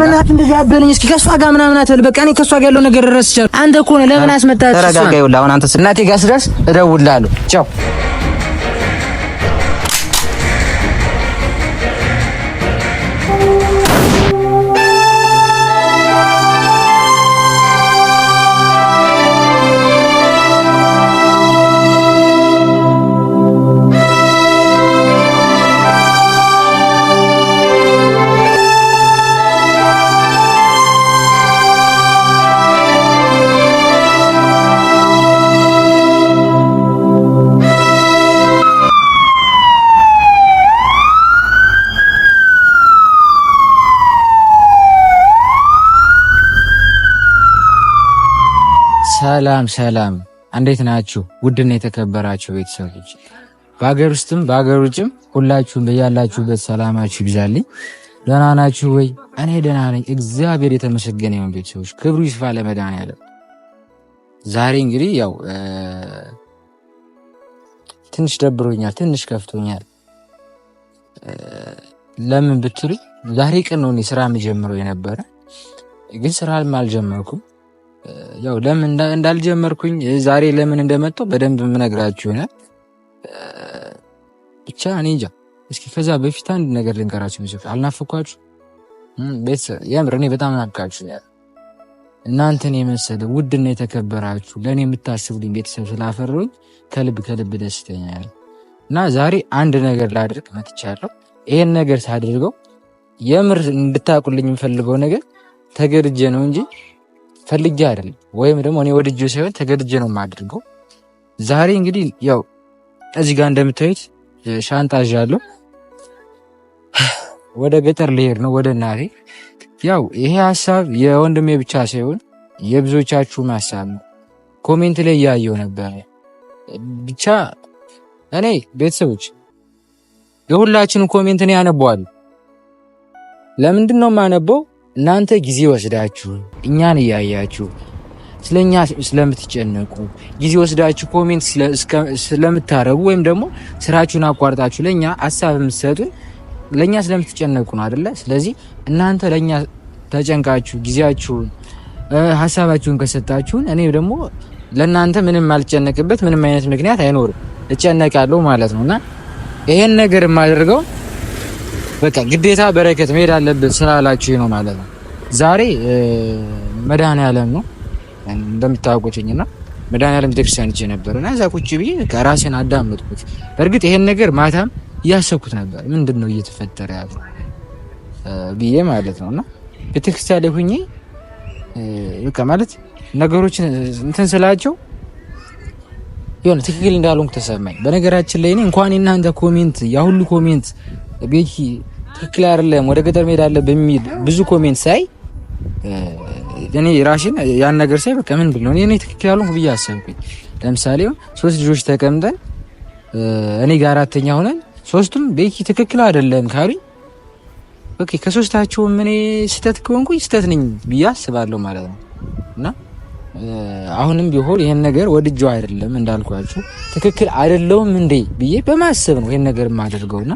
በእናትህ እንደዚህ አበለኝ። እስኪ ከእሷ ጋር ምናምን አትበል። በቃ እኔ ከእሷ ጋር ያለው ነገር ረስቻለሁ። አንተ እኮ ነህ ለምን አስመጣህ? ተረጋጋ። ይኸውልህ አሁን አንተ እናቴ ጋር ስደርስ እደውልልሃለሁ። ቻው ሰላም ሰላም፣ እንዴት ናችሁ? ውድና የተከበራችሁ ቤተሰቦች በሀገር ውስጥም በሀገር ውጭም ሁላችሁም በያላችሁበት ሰላማችሁ ይብዛልኝ። ደህና ናችሁ ወይ? እኔ ደህና ነኝ፣ እግዚአብሔር የተመሰገነ ይሁን። ቤተሰቦች ክብሩ ይስፋ ለመድኃኒዓለም። ዛሬ እንግዲህ ያው ትንሽ ደብሮኛል፣ ትንሽ ከፍቶኛል። ለምን ብትሉ ዛሬ ቀን ነው እኔ ስራ የምጀምረው የነበረ፣ ግን ስራ አልጀመርኩም ያው ለምን እንዳልጀመርኩኝ ዛሬ ለምን እንደመጣው በደንብ የምነግራችሁ ይሆናል። ብቻ እኔ እንጃ። እስኪ ከዛ በፊት አንድ ነገር ልንገራችሁ። ምስ አልናፍኳችሁ? ቤተሰብ የምር እኔ በጣም ናፍቃችሁኛል። እናንተን የመሰለ ውድና የተከበራችሁ ለእኔ የምታስቡልኝ ቤተሰብ ስላፈሩኝ ከልብ ከልብ ደስተኛል። እና ዛሬ አንድ ነገር ላድርግ መጥቻለሁ። ይሄን ነገር ሳድርገው የምር እንድታቁልኝ የምፈልገው ነገር ተገድጄ ነው እንጂ ፈልጌ አይደለም ወይም ደግሞ እኔ ወድጄ ሳይሆን ተገድጄ ነው የማደርገው። ዛሬ እንግዲህ ያው እዚህ ጋር እንደምታዩት ሻንጣ ይዣለሁ። ወደ ገጠር ልሄድ ነው ወደ እናቴ። ያው ይሄ ሀሳብ የወንድሜ ብቻ ሳይሆን የብዙዎቻችሁም ሀሳብ ነው። ኮሜንት ላይ እያየው ነበር? ብቻ እኔ ቤተሰቦች የሁላችንም ኮሜንት እኔ ያነበዋል። ለምንድን ነው የማነበው? እናንተ ጊዜ ወስዳችሁ እኛን እያያችሁ ስለኛ ስለምትጨነቁ ጊዜ ወስዳችሁ ኮሜንት ስለምታረጉ ወይም ደግሞ ስራችሁን አቋርጣችሁ ለእኛ ሀሳብ የምትሰጡን ለእኛ ስለምትጨነቁ ነው አደለ? ስለዚህ እናንተ ለእኛ ተጨንቃችሁ ጊዜያችሁን ሀሳባችሁን ከሰጣችሁን እኔ ደግሞ ለእናንተ ምንም አልጨነቅበት ምንም አይነት ምክንያት አይኖርም፣ እጨነቃለሁ ማለት ነው እና ይሄን ነገር የማደርገው በቃ ግዴታ በረከት መሄድ አለብን ስላላችሁ ነው ማለት ነው። ዛሬ መድኃኔዓለም ነው እንደምታውቁትኝ እና መድኃኔዓለም ቤተክርስቲያን ሂጄ ነበር እና እዛ ቁጭ ብዬ ራሴን አዳመጥኩት። በእርግጥ ይሄን ነገር ማታም እያሰብኩት ነበር፣ ምንድን ነው እየተፈጠረ ያለው ብዬ ማለት ነው እና ቤተክርስቲያን ላይ ሁኜ በቃ ማለት ነገሮችን እንትን ስላቸው የሆነ ትክክል እንዳልሆንኩ ተሰማኝ። በነገራችን ላይ እኔ እንኳን እናንተ ኮሜንት ያሁሉ ኮሜንት ቤኪ ትክክል አይደለም፣ ወደ ገጠር መሄድ አለ በሚል ብዙ ኮሜንት ሳይ እኔ ራሽን ያን ነገር ሳይ በቃ ምን ብለው እኔ ትክክል ያሉ ብዬ አሰብኩኝ። ለምሳሌ ሶስት ልጆች ተቀምጠን እኔ ጋር አራተኛ ሆነን ሶስቱም ቤኪ ትክክል አይደለም ካሉኝ ኦኬ ከሶስታቸውም እኔ ስህተት ከሆንኩኝ ስህተት ነኝ ብዬ አስባለሁ ማለት ነው እና አሁንም ቢሆን ይሄን ነገር ወድጀው አይደለም እንዳልኳችሁ ትክክል አይደለውም እንዴ ብዬ በማሰብ ነው ይሄን ነገር የማደርገውና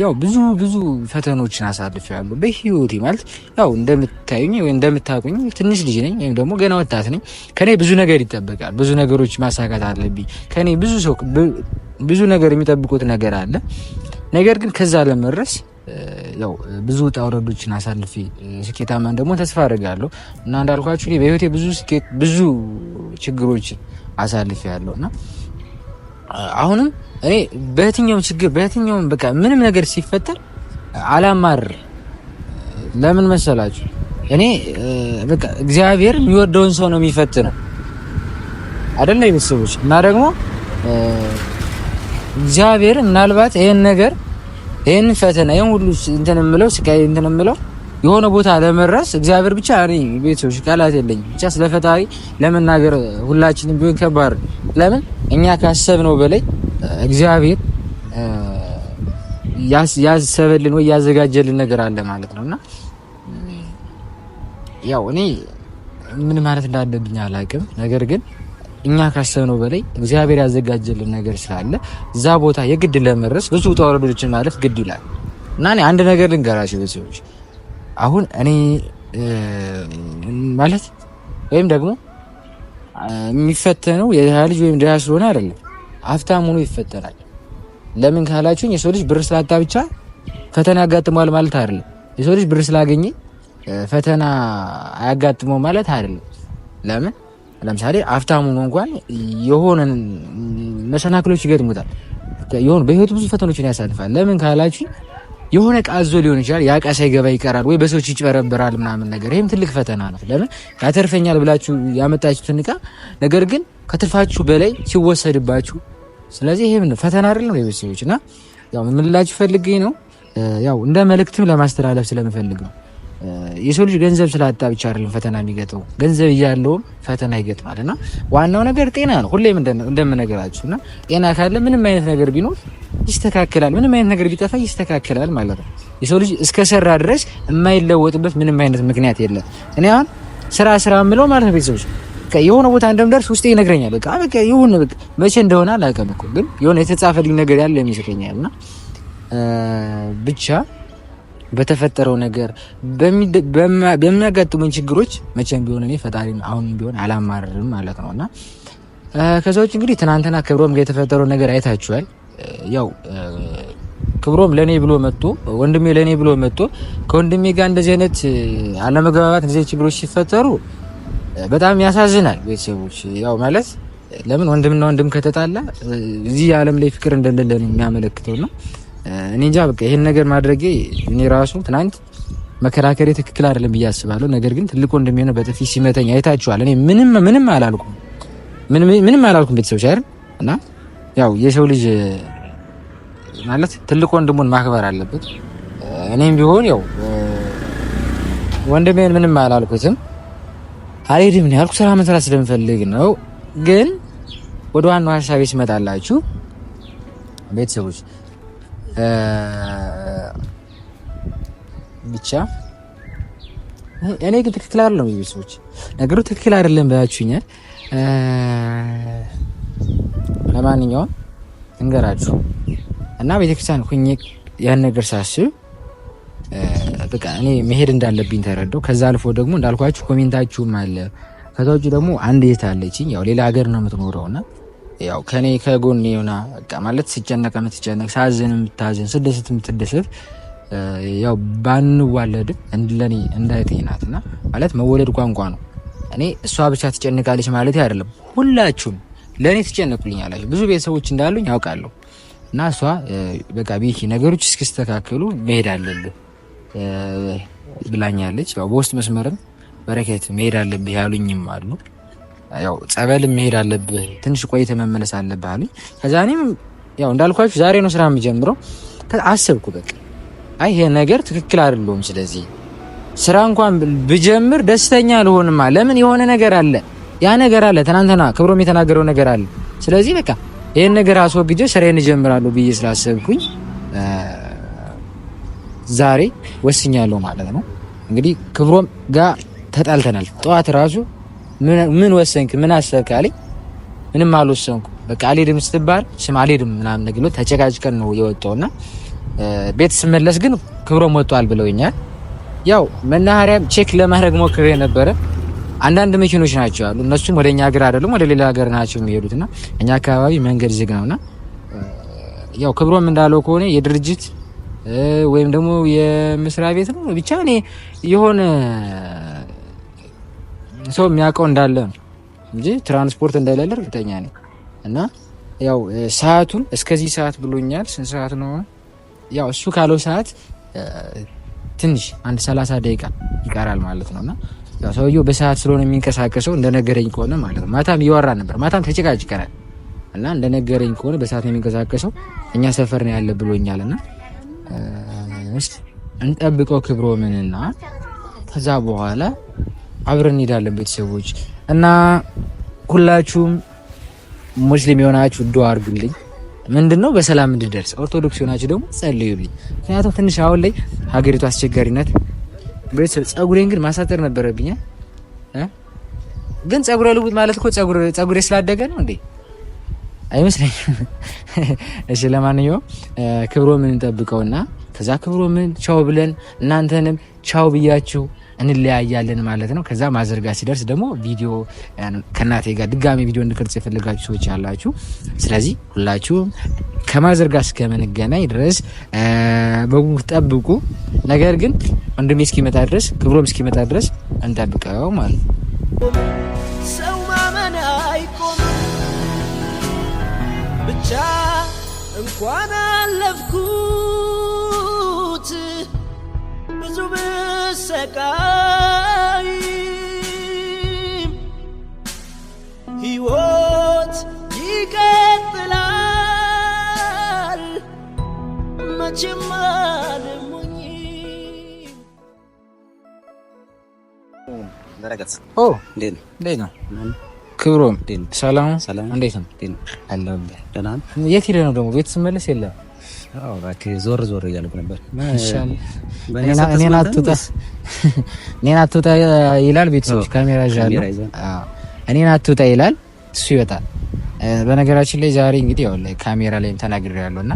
ያው ብዙ ብዙ ፈተኖችን አሳልፌያለሁ በህይወቴ። ማለት ያው እንደምታዩኝ ወይ እንደምታቁኝ ትንሽ ልጅ ነኝ ወይም ደግሞ ገና ወጣት ነኝ። ከኔ ብዙ ነገር ይጠበቃል። ብዙ ነገሮች ማሳካት አለብኝ። ከኔ ብዙ ሰው ብዙ ነገር የሚጠብቁት ነገር አለ። ነገር ግን ከዛ ለመድረስ ያው ብዙ ውጣ ውረዶችን አሳልፌ ስኬታማን ደግሞ ተስፋ አድርጋለሁ እና እንዳልኳችሁ በህይወቴ ብዙ ስኬት ብዙ ችግሮችን አሳልፌያለሁ እና አሁንም እኔ በየትኛውም ችግር በየትኛውም በቃ ምንም ነገር ሲፈጠር አላማር። ለምን መሰላችሁ? እኔ በቃ እግዚአብሔር የሚወደውን ሰው ነው የሚፈትነው አይደለ? ቤተሰቦች እና ደግሞ እግዚአብሔር ምናልባት ይህን ነገር ይህን ፈተና ይህን ሁሉ እንትን የምለው ስቃይ እንትን የምለው የሆነ ቦታ ለመድረስ እግዚአብሔር ብቻ እኔ ቤተሰቦች ቃላት የለኝ። ብቻ ስለ ፈጣሪ ለመናገር ሁላችንም ቢሆን ከባድ ለምን እኛ ካሰብነው በላይ እግዚአብሔር ያሰበልን ወይ ያዘጋጀልን ነገር አለ ማለት ነው እና ያው እኔ ምን ማለት እንዳለብኝ አላውቅም። ነገር ግን እኛ ካሰብነው በላይ እግዚአብሔር ያዘጋጀልን ነገር ስላለ እዛ ቦታ የግድ ለመድረስ ብዙ ውጣ ውረዶችን ማለፍ ግድ ይላል እና እኔ አንድ ነገር ልንገራችሁ ቤተሰቦች አሁን እኔ ማለት ወይም ደግሞ የሚፈተነው የድሃ ልጅ ወይም ድሃ ስለሆነ አይደለም፣ ሀብታም ሆኖ ይፈተናል። ለምን ካላችሁኝ የሰው ልጅ ብር ስላጣ ብቻ ፈተና ያጋጥመዋል ማለት አይደለም። የሰው ልጅ ብር ስላገኘ ፈተና አያጋጥመው ማለት አይደለም። ለምን ለምሳሌ ሀብታም ሆኖ እንኳን የሆነ መሰናክሎች ይገጥሙታል። የሆኑ በህይወቱ ብዙ ፈተኖችን ያሳልፋል። ለምን ካላችሁኝ የሆነ ቃ አዞ ሊሆን ይችላል። ያ ቃ ሳይገባ ይቀራል ወይ በሰዎች ይጭበረብራል ምናምን ነገር። ይህም ትልቅ ፈተና ነው። ለምን ያተርፈኛል ብላችሁ ያመጣችሁትን እቃ ነገር ግን ከትርፋችሁ በላይ ሲወሰድባችሁ፣ ስለዚህ ይህም ፈተና አይደለም ለቤተሰቦች እና ያው የምንላችሁ ፈልጌ ነው ያው እንደ መልእክትም ለማስተላለፍ ስለምፈልግ ነው። የሰው ልጅ ገንዘብ ስላጣ ብቻ አይደለም ፈተና የሚገጥመው፣ ገንዘብ እያለውም ፈተና ይገጥማል። እና ዋናው ነገር ጤና ነው፣ ሁሌም እንደምነገራችሁ እና ጤና ካለ ምንም አይነት ነገር ቢኖር ይስተካከላል፣ ምንም አይነት ነገር ቢጠፋ ይስተካከላል ማለት ነው። የሰው ልጅ እስከሰራ ድረስ የማይለወጥበት ምንም አይነት ምክንያት የለም። እኔ አሁን ስራ ስራ የምለው ማለት ነው ቤተሰቦች የሆነ ቦታ እንደምደርስ ውስጤ ይነግረኛል። በቃ በቃ ይሁን በቃ መቼ እንደሆነ አላውቅም እኮ ግን የሆነ የተጻፈልኝ ነገር ያለ ይመስለኛል እና ብቻ በተፈጠረው ነገር በሚያጋጥሙኝ ችግሮች መቼም ቢሆን እኔ ፈጣሪ አሁንም ቢሆን አላማርም ማለት ነው እና ከዛ እንግዲህ ትናንትና ክብሮም ጋር የተፈጠረው ነገር አይታችኋል። ያው ክብሮም ለእኔ ብሎ መጥቶ ወንድሜ ለእኔ ብሎ መጥቶ ከወንድሜ ጋር እንደዚህ አይነት አለመግባባት እንደዚህ ችግሮች ሲፈጠሩ በጣም ያሳዝናል። ቤተሰቦች ያው ማለት ለምን ወንድምና ወንድም ከተጣላ እዚህ የዓለም ላይ ፍቅር እንደሌለን የሚያመለክተው ነው። እኔ እንጃ በቃ ይሄን ነገር ማድረጌ እኔ ራሱ ትናንት መከራከሬ ትክክል አይደለም ብዬ አስባለሁ። ነገር ግን ትልቁ እንደሚሆነ በጥፊ ሲመተኝ አይታችኋል። እኔ ምንም ምንም አላልኩም፣ ምንም አላልኩም ቤተሰቦች አይደል እና ያው የሰው ልጅ ማለት ትልቅ ወንድሙን ማክበር አለበት። እኔም ቢሆን ያው ወንድሜን ምንም አላልኩትም፣ አልሄድም ነው ያልኩ ስራ መስራት ስለምፈልግ ነው። ግን ወደ ዋናው ሀሳቤ ስመጣላችሁ ቤተሰቦች ብቻ እኔ ግን ትክክል አይደለም። ሰዎች ነገሩ ትክክል አይደለም ብላችሁኛል። ለማንኛውም እንገራችሁ እና ቤተክርስቲያን ሁኜ ያን ነገር ሳስብ በቃ እኔ መሄድ እንዳለብኝ ተረዳው። ከዛ አልፎ ደግሞ እንዳልኳችሁ ኮሜንታችሁም አለ። ከዛ ውጭ ደግሞ አንድ የት አለችኝ፣ ያው ሌላ ሀገር ነው የምትኖረው እና ያው ከኔ ከጎን የሆና በቃ ማለት ሲጨነቅ የምትጨነቅ ሳዝን የምታዝን ስደስት የምትደሰት ያው ባንዋለድም ለኔ እንዳይቴ ናት እና ማለት መወለድ ቋንቋ ነው። እኔ እሷ ብቻ ትጨንቃለች ማለት አይደለም። ሁላችሁም ለእኔ ትጨነቁልኛላችሁ። ብዙ ቤተሰቦች እንዳሉኝ ያውቃለሁ። እና እሷ በቃ ቤኪ ነገሮች እስኪስተካከሉ መሄድ አለብህ ብላኛለች። በውስጥ መስመርም በረከት መሄድ አለብህ ያሉኝም አሉ። ያው ጸበል መሄድ አለብህ፣ ትንሽ ቆይተህ መመለስ አለብህ አሉኝ። ከዛ እኔም ያው እንዳልኳችሁ ዛሬ ነው ስራ የሚጀምረው አሰብኩ። በቃ አይ ይሄ ነገር ትክክል አይደለውም። ስለዚህ ስራ እንኳን ብጀምር ደስተኛ አልሆንማ። ለምን የሆነ ነገር አለ፣ ያ ነገር አለ፣ ትናንትና ክብሮም የተናገረው ነገር አለ። ስለዚህ በቃ ይህን ነገር አስወግጀ ስራዬን እጀምራለሁ ብዬ ስላሰብኩኝ ዛሬ ወስኛለሁ ማለት ነው። እንግዲህ ክብሮም ጋር ተጣልተናል። ጠዋት ራሱ ምን ወሰንክ? ምን አሰብክ አለኝ። ምንም አልወሰንኩ። በቃ አልሄድም ስትባል ስም አልሄድም ምናምን ነገር ነው። ተጨቃጭቀን ነው የወጣውና ቤት ስመለስ ግን ክብሮም ወጥቷል ብለውኛል። ያው መናኸሪያም ቼክ ለማድረግ ሞክሬ ነበረ። አንዳንድ መኪኖች ናቸው አሉ። እነሱም ወደ እኛ ሀገር አይደሉም ወደ ሌላ ሀገር ናቸው የሚሄዱትና እኛ አካባቢ መንገድ ዝግ ነውና ያው ክብሮም እንዳለው ከሆነ የድርጅት ወይም ደግሞ የመስሪያ ቤት ነው ብቻ እኔ የሆነ ሰው የሚያውቀው እንዳለ ነው እንጂ ትራንስፖርት እንደሌለ እርግጠኛ ነኝ። እና ያው ሰዓቱን እስከዚህ ሰዓት ብሎኛል። ስንት ሰዓት ነው? ያው እሱ ካለው ሰዓት ትንሽ አንድ ሰላሳ ደቂቃ ይቀራል ማለት ነው። እና ያው ሰውየው በሰዓት ስለሆነ የሚንቀሳቀሰው እንደነገረኝ ከሆነ ማለት ነው። ማታም እያወራ ነበር፣ ማታም ተጨቃጭቀናል። እና እንደነገረኝ ከሆነ በሰዓት የሚንቀሳቀሰው። እኛ ሰፈር ነው ያለ ብሎኛል። እና እንጠብቀው ምንና ከዛ በኋላ አብረን እንሄዳለን ቤተሰቦች እና ሁላችሁም ሙስሊም የሆናችሁ ዱአ አድርጉልኝ። ምንድን ነው በሰላም እንድደርስ። ኦርቶዶክስ የሆናችሁ ደግሞ ጸልዩልኝ። ምክንያቱም ትንሽ አሁን ላይ ሀገሪቱ አስቸጋሪነት። ቤተሰብ ጸጉሬን ግን ማሳጠር ነበረብኝ። ግን ጸጉረ ልውጥ ማለት እኮ ጸጉሬ ስላደገ ነው እንዴ? አይመስለኝም። እሺ ለማንኛውም ክብሮ ምን እንጠብቀውና ከዛ ክብሮ ምን ቻው ብለን እናንተንም ቻው ብያችሁ እንለያያለን ማለት ነው። ከዛ ማዘርጋ ሲደርስ ደግሞ ቪዲዮ ከእናቴ ጋር ድጋሚ ቪዲዮ እንድቀርጽ የፈለጋችሁ ሰዎች ያላችሁ፣ ስለዚህ ሁላችሁም ከማዘርጋ እስከምንገናኝ ድረስ በጉጉት ጠብቁ። ነገር ግን ወንድሜ እስኪመጣ ድረስ ክብሮም እስኪመጣ ድረስ እንጠብቀው ማለት ነው። ብቻ እንኳን አለፍኩ ብንሰቃይም ሕይወት ይቀጥላል መቼም እንዴት ነው? ክብሮም ሰላም፣ እንዴት ነው? የት ሄደህ ነው ደግሞ? ቤት ስመለስ የለም ዞር ዞር እያልኩ ነበር። እኔን አትውጣ ይላል፣ ቤተሰቦች ካሜራ ይዣሉ። እኔን አትውጣ ይላል፣ እሱ ይወጣል። በነገራችን ላይ ዛሬ እንግዲህ ያው ካሜራ ላይም ተናግሬያለሁ እና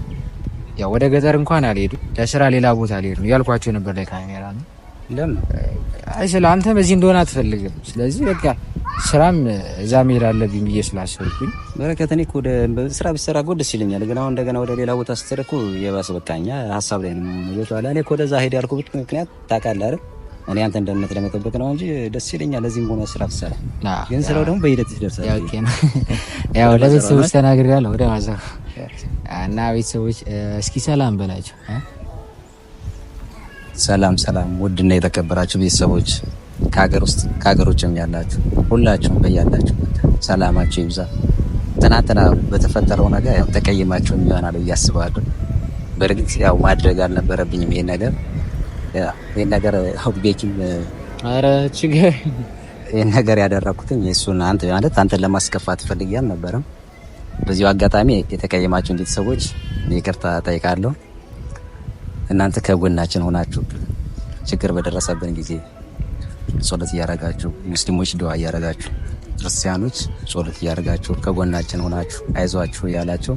ያው ወደ ገጠር እንኳን አልሄዱም ለስራ ሌላ ቦታ ነው ያልኳቸው ነበር ላይ ካሜራ ነው ለምን? አይ ስለ አንተ በዚህ እንደሆነ አትፈልግም። ስለዚህ በቃ ስራም እዛ መሄድ አለብኝ ብዬ ስላሰብኩኝ በረከት፣ እኔ ወደ ስራ ብትሰራ እኮ ደስ ይለኛል። ግን አሁን እንደገና ወደ ሌላ ቦታ ስትሄድ እኮ የባሰ በቃኛ ሀሳብ ላይ ነው ይወጣላ። እኔ ወደዛ ሄድ ያልኩበት ምክንያት ታውቃለህ አይደል? እኔ አንተ እንደነት ለመጠበቅ ነው እንጂ ደስ ይለኛል። ለዚህም ሆነ ስራ ብትሰራ፣ ግን ስራው ደግሞ በሂደት ይደርሳል። ያው ለቤተሰቦች ተናግሬያለሁ ወደ ማዘር እና ቤተሰቦች እስኪ ሰላም በላቸው ሰላም ሰላም፣ ውድና የተከበራችሁ ቤተሰቦች ከሀገር ውስጥ ከሀገር ውጭም ያላችሁ ሁላችሁም በያላችሁ ሰላማችሁ ይብዛ። ትናንትና በተፈጠረው ነገር ያው ተቀይማችሁ ይሆናል ብዬ አስባለሁ። በእርግጥ ያው ማድረግ አልነበረብኝም ይሄ ነገር ይሄን ነገር ቤኪም አረ ችግር ይህን ነገር ያደረኩትኝ የእሱን አንተ ማለት አንተን ለማስከፋት ፈልጌ አልነበረም። በዚሁ አጋጣሚ የተቀየማችሁ እንዴት ሰዎች ይቅርታ ጠይቃለሁ። እናንተ ከጎናችን ሆናችሁ ችግር በደረሰብን ጊዜ ጸሎት እያረጋችሁ፣ ሙስሊሞች ድዋ እያረጋችሁ፣ ክርስቲያኖች ጸሎት እያረጋችሁ ከጎናችን ሆናችሁ አይዟችሁ እያላችሁ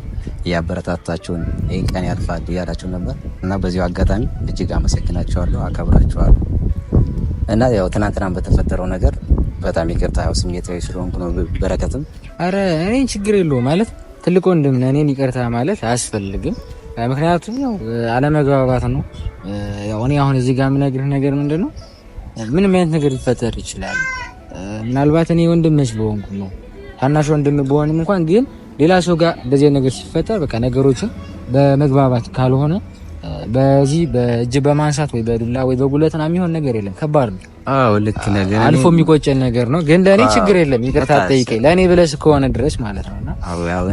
እያበረታታችሁን ይህን ቀን ያልፋል እያላችሁ ነበር እና በዚሁ አጋጣሚ እጅግ አመሰግናችኋለሁ፣ አከብራችኋለሁ እና ያው ትናንትናን በተፈጠረው ነገር በጣም ይቅርታ ያው ስሜታዊ ስለሆንኩ ነው። በረከትም አረ እኔን ችግር የለውም ማለት ትልቅ ወንድም እኔን ይቅርታ ማለት አያስፈልግም። ምክንያቱም ያው አለመግባባት ነው። ያው እኔ አሁን እዚህ ጋር የምነግርህ ነገር ምንድን ነው፣ ምንም አይነት ነገር ሊፈጠር ይችላል። ምናልባት እኔ ወንድምሽ በሆንኩ ነው ታናሽ ወንድም በሆንም እንኳን ግን ሌላ ሰው ጋር እንደዚህ ነገር ሲፈጠር በቃ ነገሮችን በመግባባት ካልሆነ በዚህ በእጅ በማንሳት ወይ በዱላ ወይ በጉለትና የሚሆን ነገር የለም። ከባድ ነው። አዎ ልክ ነህ። አልፎ የሚቆጨን ነገር ነው፣ ግን ለእኔ ችግር የለም። ይቅርታ ጠይቀኝ ለእኔ ብለህ ከሆነ ድረስ ማለት ነው።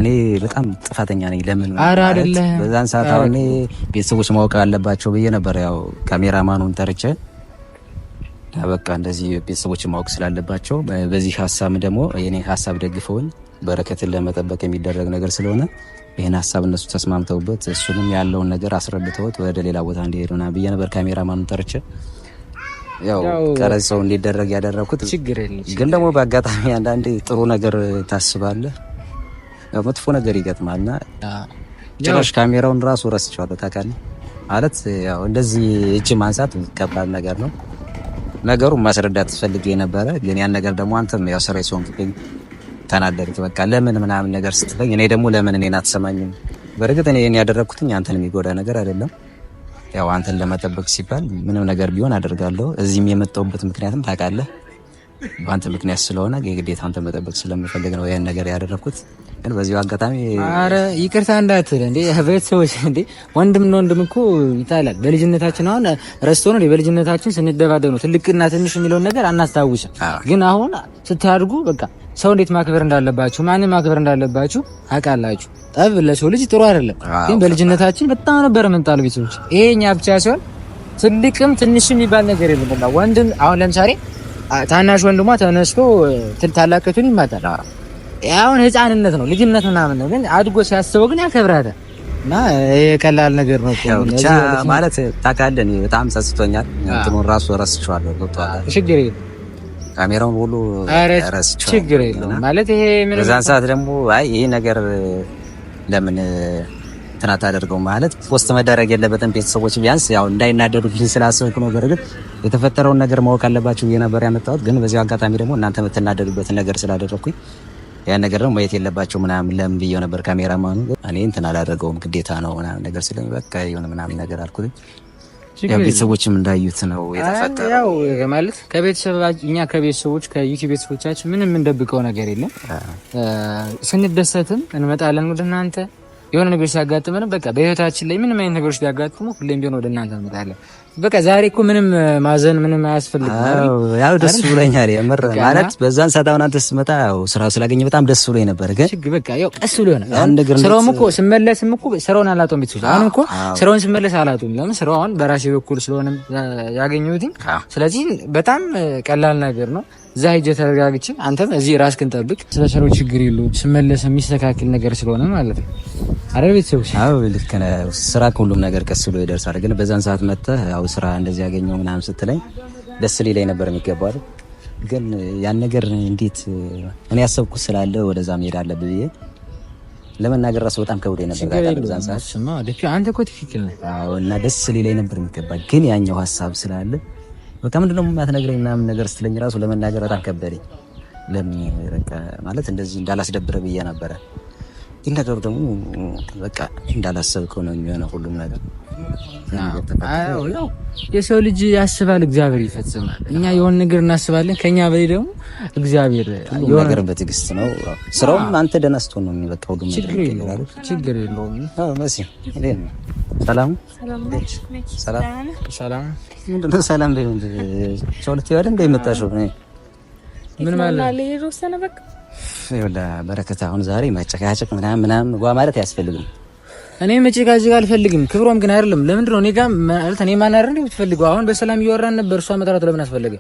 እኔ በጣም ጥፋተኛ ነኝ። ለምን በዛን ሰዓት አሁን ቤተሰቦች ማወቅ አለባቸው ብዬ ነበር። ያው ካሜራማኑን ጠርቼ በቃ እንደዚህ ቤተሰቦች ማወቅ ስላለባቸው በዚህ ሀሳብ ደግሞ የኔ ሀሳብ ደግፈውን በረከትን ለመጠበቅ የሚደረግ ነገር ስለሆነ ይህን ሀሳብ እነሱ ተስማምተውበት እሱንም ያለውን ነገር አስረድተውት ወደ ሌላ ቦታ እንዲሄዱና ብዬ ነበር ካሜራማኑን ጠርቼ ያው ቀረጻው እንዲደረግ ያደረኩት ችግር ግን ደግሞ በአጋጣሚ አንዳንዴ ጥሩ ነገር ታስባለህ፣ መጥፎ ነገር ይገጥማልና ጭራሽ ካሜራውን ራሱ ረስቼዋለሁ። ታውቃለህ ማለት ያው እንደዚህ እጅ ማንሳት ከባድ ነገር ነው። ነገሩን ማስረዳት ፈልጌ የነበረ ግን ያን ነገር ደግሞ አንተም ያው ስራ ሲሆንክኝ ተናደድክ። በቃ ለምን ምናምን ነገር ስትለኝ እኔ ደግሞ ለምን እኔን አትሰማኝም? በእርግጥ እኔ ያደረግኩትኝ አንተን የሚጎዳ ነገር አይደለም ያው አንተን ለመጠበቅ ሲባል ምንም ነገር ቢሆን አደርጋለሁ። እዚህም የመጣሁበት ምክንያትም ታውቃለህ በአንተ ምክንያት ስለሆነ የግዴታ አንተ መጠበቅ ስለምፈልግ ነው ይህን ነገር ያደረግኩት። ግን በዚሁ አጋጣሚ አረ ይቅርታ እንዳትል እንዴ ቤተሰቦች እንዴ ወንድም ነው ወንድም እኮ ይታላል። በልጅነታችን አሁን ረስቶ ነው በልጅነታችን ስንደባደብ ነው ትልቅና ትንሽ የሚለውን ነገር አናስታውስም። ግን አሁን ስታድጉ በቃ ሰው እንዴት ማክበር እንዳለባችሁ ማንም ማክበር እንዳለባችሁ አውቃላችሁ። ጠብ ለሰው ልጅ ጥሩ አይደለም። ግን በልጅነታችን በጣም ነበር የምንጣሉ ቤተሰቦች። ይሄኛ ብቻ ሲሆን ትልቅም ትንሽም የሚባል ነገር የለም። ወንድም አሁን ለምሳሌ ታናሽ ወንድሟ ተነስቶ ታላቀቱን ይመጣል። አሁን ህፃንነት ነው ልጅነት ምናምን ነው፣ ግን አድጎ ሲያስበው ግን ያከብራታል። እና ይሄ ቀላል ነገር ነው እኮ ብቻ ማለት ታውቃለህ። እኔ በጣም ጸጽቶኛል። እንትኑን ራሱ ረስቼዋለሁ። ገብቶሃል? ችግር የለም ካሜራውን ሁሉ ረስቼዋለሁ። ችግር የለም ማለት ይሄ በዛን ሰዓት ደግሞ አይ ይሄ ነገር ለምን እንትና ታደርገው ማለት ፖስት መደረግ የለበትም። ቤተሰቦች ቢያንስ ያው እንዳይናደዱ እንዳይናደዱልኝ ስላሰብኩ ነው። በርግጥ የተፈጠረውን ነገር ማወቅ አለባችሁ ብዬ ያመጣሁት። ግን በዚያው አጋጣሚ ደግሞ እናንተ የምትናደዱበትን ነገር ስላደረግኩኝ ያን ነገር ደግሞ ማየት የለባቸው ምናምን ለምን ብየው ነበር። ካሜራማኑ እኔ እንትን አላደረገውም ግዴታ ነው ምናምን ነገር ስለሚ በቃ የሆነ ምናምን ነገር አልኩት። ቤተሰቦችም እንዳዩት ነው የተፈጠረው ማለት እኛ ከቤተሰቦች ከዩቲዩብ ቤተሰቦቻችን ምንም የምንደብቀው ነገር የለም። ስንደሰትም እንመጣለን ወደ እናንተ የሆነ ነገር ሲያጋጥመን በቃ በህይወታችን ላይ ምንም አይነት ነገሮች ቢያጋጥሙ ሁሌም ቢሆን ወደ እናንተ እንመጣለን። በቃ ዛሬ እኮ ምንም ማዘን ምንም አያስፈልግም። ያው ደስ ብሎኛል የምር ማለት በዛን ሰዓት አሁን አንተ ስትመጣ ያው ስራ ስላገኘ በጣም ደስ ብሎኝ ነበር። ግን በቃ ያው ቀስ ብሎ ነው ስራውም እኮ ስመለስም እኮ ስራውን አላጣውም። ቤት ውስጥ አሁን እኮ ስራውን ስመለስ አላጣውም። ለምን ስራው አሁን በራሴ በኩል ስለሆነ ያገኘሁት። ስለዚህ በጣም ቀላል ነገር ነው። እዛ ሂጅ ተረጋግቼ፣ አንተም እዚህ ራስክን ጠብቅ። ስለ ሰራው ችግር የሉ ስመለስ የሚስተካከል ነገር ስለሆነ ማለት ነው አይደል? ቤተሰቦች ልክ ነህ። ስራ ከሁሉም ነገር ቀስ ብሎ ይደርሳል። ግን በዛን ሰዓት መጥተህ ያው ስራ እንደዚህ ያገኘው ምናምን ስትለኝ ደስ ሊለኝ ነበር የሚገባው ግን ያን ነገር እንዴት እኔ ያሰብኩት ስላለ ወደዛ መሄድ አለብህ ብዬ ለመናገር ራሱ በጣም ከብዶ ነበር በዛን ሰዓት። አንተ እኮ ትክክል ነህ እና ደስ ሊለኝ ነበር የሚገባ ግን ያኛው ሀሳብ ስላለ በቃ ምንድን ነው የማትነግረኝ ምናምን ነገር ስትለኝ ራሱ ለመናገር በጣም ከበደኝ። ለምን ማለት እንደዚህ እንዳላስደብረ ብዬ ነበረ። ይህ ነገሩ ደግሞ በቃ እንዳላሰብከው ነው የሚሆነው ሁሉም ነገር የሰው ልጅ ያስባል፣ እግዚአብሔር ይፈጽማል። እኛ የሆን ነገር እናስባለን፣ ከኛ በላይ ደግሞ እግዚአብሔር የሆነ ነገር በትዕግስት ነው ስራውም። አንተ ደህና ስትሆን ነው የሚበቃው። ግን ችግር የለውም። ሰላም ሰላም ሰላም በረከት። አሁን ዛሬ ማጨቃጨቅ ምናምን ምናምን ጓ ማለት አያስፈልግም። እኔ ጋር አልፈልግም። ክብሮም ግን አይደለም። ለምንድን ነው እኔ ጋር ማለት እኔ ማን አይደል የምትፈልገው? አሁን በሰላም እያወራን ነበር። እሷ መጥራት ለምን አስፈለገ?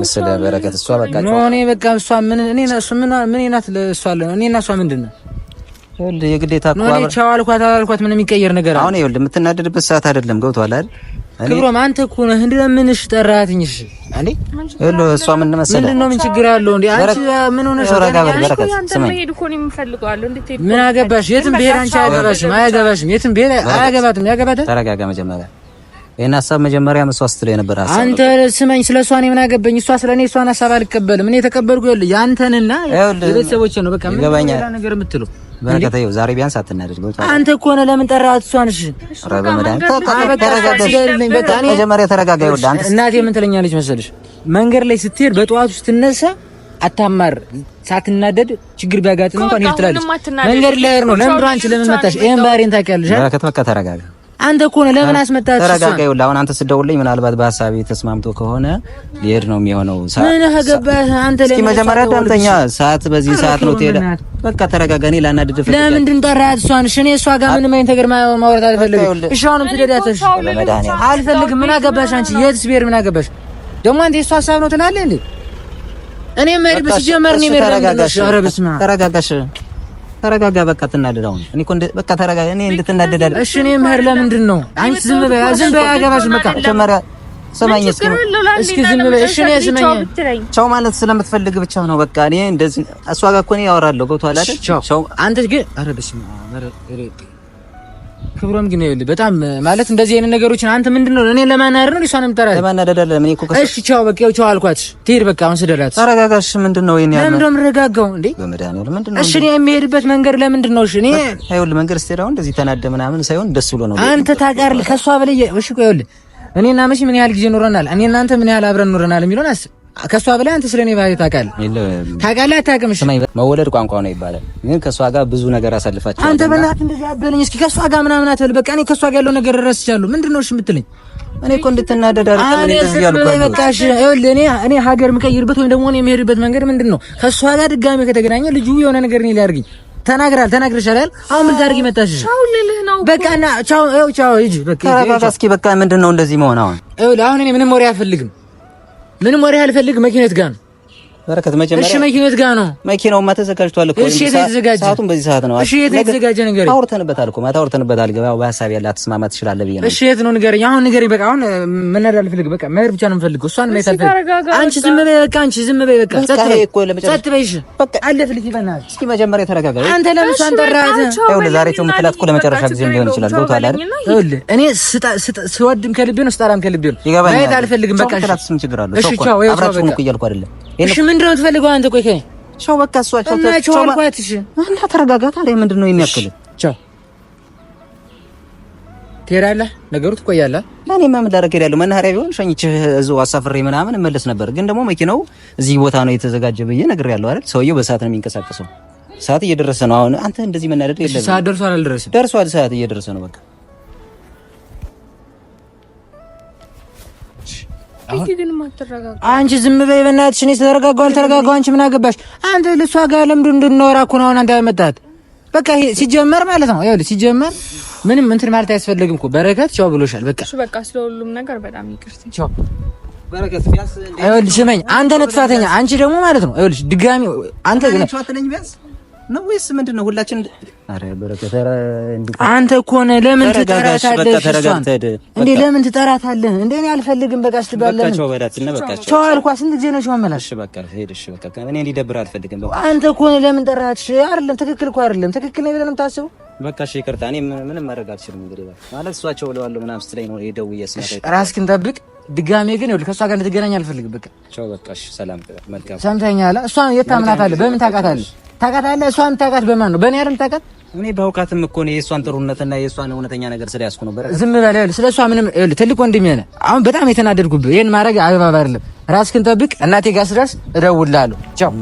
ምስለ በረከት እሷ በቃ ነው። እኔ በቃ እሷ ምን እኔ እና እሱ ምን ምን እናት ለእሷ አለ እኔ እና እሷ ምንድን ነው ይኸውልህ፣ የግዴታ እኮ ነው። እኔ ቻው አልኳት አላልኳት ምን የሚቀየር ነገር አሁን ይወልድ የምትናደድበት ሰዓት አይደለም። ገብቷል አይደል? ክብሮም አንተ እኮ ነህ እንዴ? ምን እሺ ጠራኸኝ? አንዴ እሎ እሷ ምን መሰለህ፣ ምንድን ነው ምን ችግር አለው እንዴ? አንቺ ምን ሆነሽ? ምን አገባሽ? የትም ብሄድ አንቺ አያገባሽም፣ አያገባሽም፣ የትም ብሄድ አያገባትም። ያገባታል። ተረጋጋ መጀመሪያ ይሄን ሀሳብ መጀመሪያ እሷ ስትለው የነበረ ሀሳብ አንተ ስመኝ፣ ስለ እሷ እኔ ምን አገባኝ? እሷ ስለ እኔ እሷን ሀሳብ አልቀበልም። እኔ የተቀበልኩ ያንተንና የቤተሰቦቼ ነው። በቃ ምን ነገር የምትለው በረከታዬ ዛሬ ቢያንስ አትናደድ። አንተ እኮ ነው ለምን ጠራሃት? እሷ ነሽ። መጀመሪያ ተረጋጋ። እናቴ ምን ትለኛለች መሰለሽ? መንገድ ላይ ስትሄድ በጠዋቱ ስትነሳ አታማር፣ ሳትናደድ ችግር ቢያጋጥም እንኳን ሄድ ትላለች። መንገድ ላይ ነው። ለምን ብራንች ለምን መጣሽ? ይሄን ባህሪን ታውቂያለሽ። በረከት በቃ ተረጋጋ። አንተ እኮ ነው ለምን አስመጣችሁ? ተረጋጋ። ይኸውልህ አሁን አንተ ስደውልኝ ምናልባት በሀሳቤ ተስማምቶ ከሆነ ሊሄድ ነው የሚሆነው። ምን አገባህ አንተ? ለምን መጀመሪያ ዳምጠኛ ሰዓት በዚህ ሰዓት ነው ትሄዳ። በቃ ተረጋጋ። እኔ ላናድድ ፈልጌ ለምንድን ጠራህ እሷን? እሺ እኔ እሷ ጋር ምንም አይነት ነገር ማውራት አልፈልግም። እሺ አሁንም ትደዳተሽ አልፈልግም። ምን አገባሽ አንቺ? የትስ ብሄር ምን አገባሽ ደግሞ አንተ? የእሷ ሀሳብ ነው ትላለህ እንዴ? እኔ መሄድ በስጀመር ነው ነው። ኧረ በስመ ተረጋጋሽ። ተረጋጋ። በቃ ትናደድ። አሁን እኔ እኮ በቃ ተረጋጋ። እኔ እንድትናደድ አይደል? እሺ እኔ ምህር ለምንድን ነው አንቺ? ዝም በይ፣ ዝም በይ። አያገባሽም። በቃ መጀመሪያ ስማኝ እስኪ እስኪ ዝም በይ። እሺ እኔ ስማኝ። ቻው ማለት ስለምትፈልግ ብቻ ነው። በቃ እኔ እንደዚህ እሷ ጋር እኮ እኔ ያወራለሁ። ገብቶሃል አይደል? ቻው አንተ ግን ኧረ በስመ አብ ክብሮም ግን ይኸውልህ በጣም ማለት እንደዚህ አይነት ነገሮችን አንተ ምንድን ነው እኔን ለማናደድ ነው እሷን የምጠራት? ለማናደድ አይደለም። እኔ እኮ እሺ፣ ቻው በቃ ቻው አልኳት። ትሄድ በቃ አሁን ስደራት ተረጋጋሽ። ምንድን ነው ይሄን ያለው? ለምንድን ነው የምረጋጋው እንዴ? በመድኃኒዓለም ምንድን ነው እሺ፣ እኔ የምሄድበት መንገድ ለምንድን ነው? እሺ፣ እኔ ይኸውልህ መንገድ ስትሄድ አሁን እንደዚህ ተናደ ምናምን ሳይሆን ደስ ብሎ ነው። አንተ ታውቃለህ ከእሷ በላይ እሺ። ይኸውልህ እኔና መቼ ምን ያህል ጊዜ ኖረናል? እኔ እናንተ ምን ያህል አብረን ኖረናል የሚለውን አስብ ከእሷ በላይ አንተ ስለኔ ባህሪ ታውቃለህ ታውቃለህ አታውቅም? መወለድ ቋንቋ ነው ይባላል። ግን ከእሷ ጋር ብዙ ነገር አሳልፋችሁ አንተ በእናትህ እንደዚህ አበለኝ። እስኪ ከእሷ ጋር ምናምን አትበል። በቃ እኔ ከእሷ ጋር ያለው ነገር እረስቻለሁ። ምንድን ነው እሺ የምትለኝ? እኔ እኮ እንድትናደድ እኔ እኔ ሀገር የምቀይርበት ወይም ደግሞ የሚሄድበት መንገድ ምንድን ነው? ከእሷ ጋር ድጋሜ ከተገናኘ ልጁ የሆነ ነገር እኔ ሊያደርግኝ ተናግራል ተናግረሻል። አሁን ምን ታደርጊ መጣሽ? በቃ እና ቻው ቻው፣ ሂጂ በቃ ተረጋጋ። እስኪ በቃ ምንድን ነው እንደዚህ መሆን? አሁን አሁን እኔ ምንም ወሬ አልፈልግም። ምንም ወሬ አልፈልግ መኪና የት ጋ ነው በረከት መጀመሪያ እሺ፣ መኪኖት ጋ ነው። መኪናውማ ተዘጋጅቷል እኮ። እሺ፣ የተዘጋጀ ሰዓቱን በዚህ ሰዓት ነው። እሺ፣ የተዘጋጀ ነገር አውርተንበታል እኮ ማታ አውርተንበታል። ገበያው በሀሳብ ያለ አትስማማ ትችላለህ ብዬ ነው። እሺ፣ የት ነው ንገረኝ አሁን፣ ንገረኝ። በቃ አሁን መናደድ አልፈልግ። በቃ መሄድ ብቻ ነው የምፈልገው። እሷን መሄድ አልፈልግ። አንቺ ዝም በይ በቃ። አንቺ ዝም በይ በቃ። ጸጥ በይ እኮ ለመጨረሻ ጸጥ በይ። እሺ፣ በቃ አለፍ ልጅ ይበናል። እስኪ መጀመሪያ ተረጋጋ። አንተ ለምን እሷን ጠራሃት? ይኸውልህ፣ ዛሬ ጮም የምትላት እኮ ለመጨረሻ ጊዜ ሊሆን ይችላል። ገብቶሃል አይደል? ይኸውልህ፣ እኔ ስወድም ከልቤ ነው ስጠላም ከልቤ ነው። መሄድ አልፈልግም። በቃ እሺ፣ ምን ችግር አለው? እሺ፣ ቻው። አብራችሁ እኮ እያልኩ አይደለም እሺ ምንድን ነው የምትፈልገው አንተ? ቆይ ቻው፣ በቃ እሷ ቻው፣ ቻው አልኳት። እሺ እና ተረጋጋ። ታዲያ ምንድን ነው የሚያክል? ቻው ትሄዳለህ፣ ነገሩ ትቆያለህ። እኔ ማ ምን ላደርግ እሄዳለሁ። መናኸሪያ ቢሆን ሸኝችህ እዚሁ አሳፍሬ ምናምን እመለስ ነበር፣ ግን ደግሞ መኪናው እዚህ ቦታ ነው የተዘጋጀ ብዬ ነግሬሃለሁ አይደል? ሰውየው በሰዓት ነው የሚንቀሳቀሰው። ሰዓት እየደረሰ ነው። አሁን አንተ እንደዚህ መናደድ የለብህም። ሰዓት ደርሷል፣ አልደረሰም? ደርሷል። ሰዓት እየደረሰ ነው። በቃ አንቺ ዝም በይ በእናትሽ። እኔ ተረጋጋሁ አልተረጋጋሁ አንቺ ምን አገባሽ? አንተ ልሷ ጋር ለምዱ እንድናወራ እኮ ነው አሁን አንተ ያመጣት። በቃ ሲጀመር ማለት ነው ያው ሲጀመር ምንም እንትን ማለት አያስፈልግም እኮ በረከት ቻው ብሎሻል። በቃ እሺ፣ በቃ ስለ ሁሉም ነገር በጣም ይቅርታ ቻው በረከት። ቢያንስ ይኸውልሽ፣ ስመኝ አንተ ነህ ጥፋተኛ፣ አንቺ ደግሞ ማለት ነው ይኸውልሽ ድጋሚ አንተ ነው ወይስ ምንድን ነው? ሁላችን አረ በረከት፣ አንተ እኮ ነህ። ለምን ትጠራታለህ? እንዴ ለምን ትጠራታለህ? እንዴ እኔ አልፈልግም። በቃ ስትባለህ ቻው አልኳት። ስንት ጊዜ ነው ቻው በቃ ሄድ። እሺ በቃ እኔ እንዲደብር አልፈልግም። በቃ አንተ እኮ ነህ። ለምን ጠራትሽ? አይደለም ትክክል እኮ አይደለም። ትክክል ነው ብለህ ነው የምታስበው? በቃ እሺ ይቅርታ። እኔ ምንም ማድረግ አልችልም። እንግዲህ በቃ ማለት እሷ ቻው ብለዋለሁ ምናምን ስትለኝ ነው የደውዬ ስማታ። ራስህን ጠብቅ። ድጋሜ ግን ይኸውልህ ከእሷ ጋር እንድትገናኝ አልፈልግም። በቃ ቻው። በቃ እሺ፣ ሰላም። መልካም ሰምተኸኛል? እሷ የት ታምናታለህ? በምን ታውቃታለህ? ታውቃታለህ? እሷን ታውቃት በማን ነው? በእኔ አይደል ታውቃት? እኔ በእውቃትም እኮ ነው የእሷን ጥሩነትና የእሷን እውነተኛ ነገር ስለያዝኩ ነበር። ዝም በል ስለ እሷ ምንም። ትልቅ ወንድሜ ነህ። አሁን በጣም የተናደድኩብህ። ይህን ማድረግ አግባብ አይደለም። ራስህን ጠብቅ። እናቴ ጋር ስደርስ እደውልልሃለሁ። ቻው